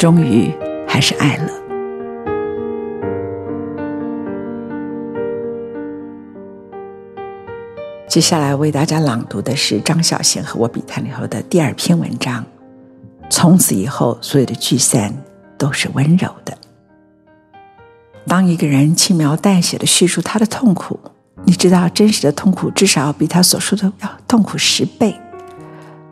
終於還是愛了。接下來為大家朗讀的是張小嫻和我筆談裡頭的第二篇文章，從此以後，所有的聚散都是溫柔的。當一個人輕描淡寫的敘述他的痛苦，你知道真實的痛苦至少比他所說的要痛苦十倍。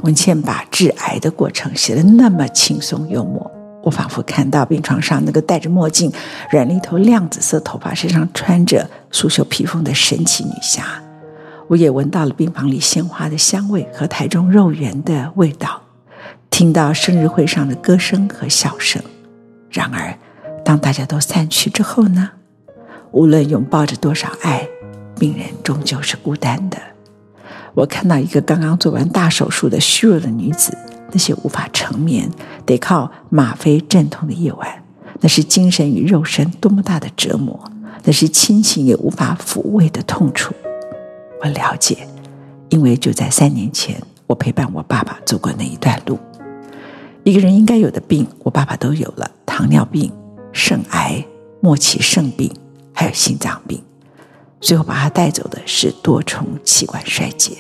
文茜把治癌的過程寫得那麼輕鬆幽默。我仿佛看到病床上那個戴着墨鏡、染了一頭亮紫色頭髮、身上穿着蘇繡披風的神奇女俠。我也聞到了病房裡鮮花的香味和台中肉圓的味道，聽到生日會上的歌聲和笑聲。然而，當大家都散去之後呢？無論擁抱着多少愛，病人終究是孤單的。我看到一個剛剛做完大手術的虛弱的女子。那些無法成眠、得靠嗎啡鎮痛的夜晚，那是精神與肉身多麼大的折磨，那是親情也無法撫慰的痛楚。我了解，因為就在三年前，我陪伴我爸爸走過那一段路。一個人應該有的病，我爸爸都有了：糖尿病、腎癌、末期腎病，還有心臟病。最後把他帶走的是多重器官衰竭。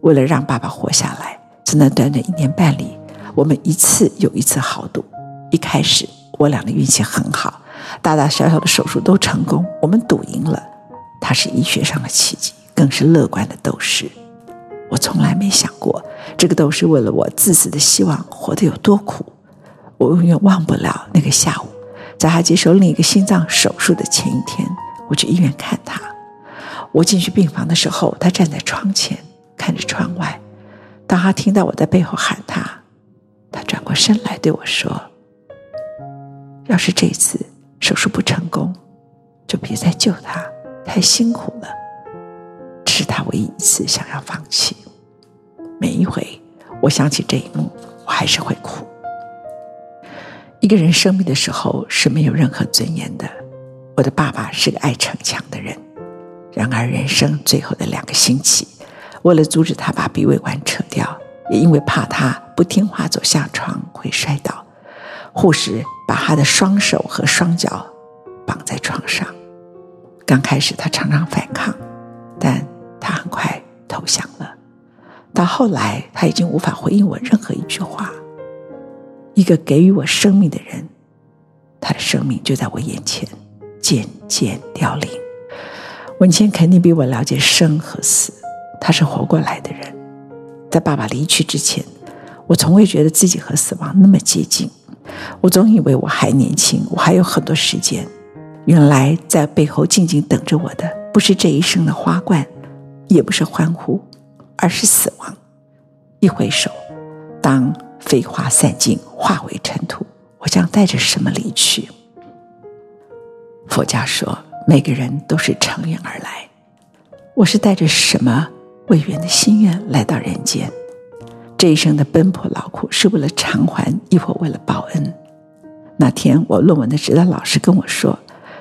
為了讓爸爸活下來，只能短短一年半裡，我們一次又一次豪賭。一開始，我倆的運氣很好，大大小小的手術都成功。我們賭贏了，他是醫學上的奇蹟，更是樂觀的鬥士。我從來沒想過，這個鬥士為了我自私的希望活得有多苦。我永遠忘不了那個下午，在他接受另一個心臟手術的前一天，我去醫院看他。我進去病房的時候，他站在窗前，看着窗外。當他聽到我在背後喊他，他轉過身來對我說：“要是這次手術不成功，就別再救他，太辛苦了。”這是他唯一一次想要放棄。每一回，我想起這一幕，我還是會哭。一個人生病的時候是沒有任何尊嚴的。我的爸爸是個愛逞強的人，然而人生最後的兩個星期，為了阻止他把鼻胃管扯掉，也因為怕他不聽話走下床會摔倒，護士把他的雙手和雙腳綁在床上。剛開始他常常反抗，但他很快投降了。到後來他已經無法回應我任何一句話。一個給予我生命的人，他的生命就在我眼前漸漸凋零。文茜肯定比我了解生和死。他是活過來的人，在爸爸離去之前，我從未覺得自己和死亡那麼接近。我總以為我還年輕，我還有很多時間。原來在背後靜靜等着我的，不是這一生的花冠，也不是歡呼，而是死亡。一回首，當飛花散盡，化為塵土，我將帶着什麼離去？佛家說，每個人都是乘願而來。我是帶着什麼？未圓的心願來到人間，這一生的奔波勞苦是為了償還，亦或為了報恩？那天，我論文的指導老師跟我說，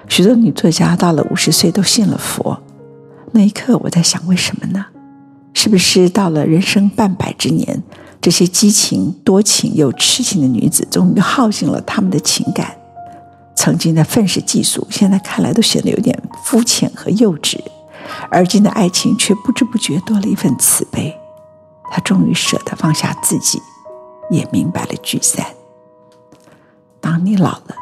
許多女作家到了五十歲都信了佛。那一刻，我在想，為什麼呢？是不是到了人生半百之年，這些激情、多情又痴情的女子，終於耗盡了她們的情感？曾經的憤世嫉俗，現在看來都顯得有點膚淺和幼稚。而今的愛情卻不知不覺多了一份慈悲，他終於捨得放下自己，也明白了聚散。當你老了，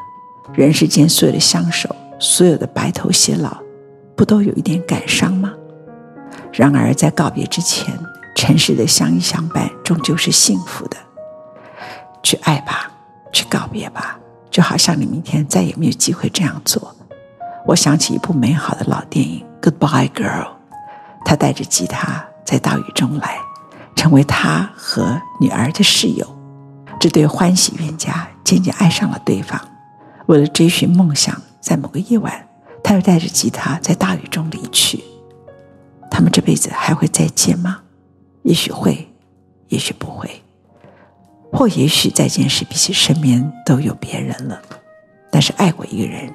人世間所有的相守，所有的白頭偕老，不都有一點感傷嗎？然而在告別之前，塵世的相依相伴終究是幸福的。去愛吧，去告別白吧，就好像你明天再也沒有機會這樣做。我想起一部美好的老電影。Goodbye, girl。他帶着吉他在大雨中來，成為他和女兒的室友。這對歡喜冤家漸漸愛上了對方。為了追尋夢想，在某個夜晚，他又帶着吉他在大雨中離去。他們這輩子還會再見嗎？也許會，也許不會。或也許再見時彼此身邊都有別人了。但是愛過一個人，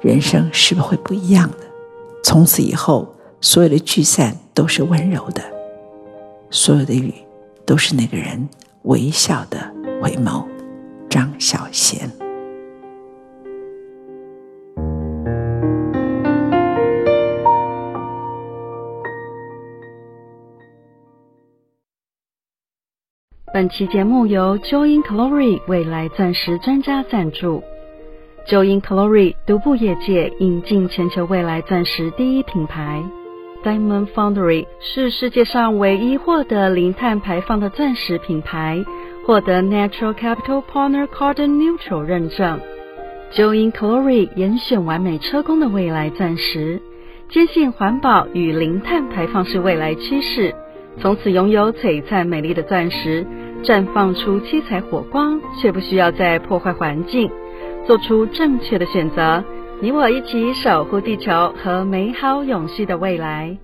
人生是不會不一樣的。從此以後，所有的聚散都是溫柔的，所有的雨都是那個人微笑的回眸。張小嫻。本期節目由 Join Glory 未來鑽石專家贊助。Joyn Glory 獨步業界，引進全球未來鑽石第一品牌 Diamond Foundry，是世界上唯一獲得零碳排放的鑽石品牌，獲得 Natural Capital Partner Carbon Neutral 認證。Joyn Glory 嚴選完美車工的未來鑽石，堅信環保與零碳排放是未來趨勢。從此擁有璀璨美麗的鑽石，綻放出七彩火光，卻不需要再破壞環境。做出正確的選擇，你我一起守護地球和美好永續的未來。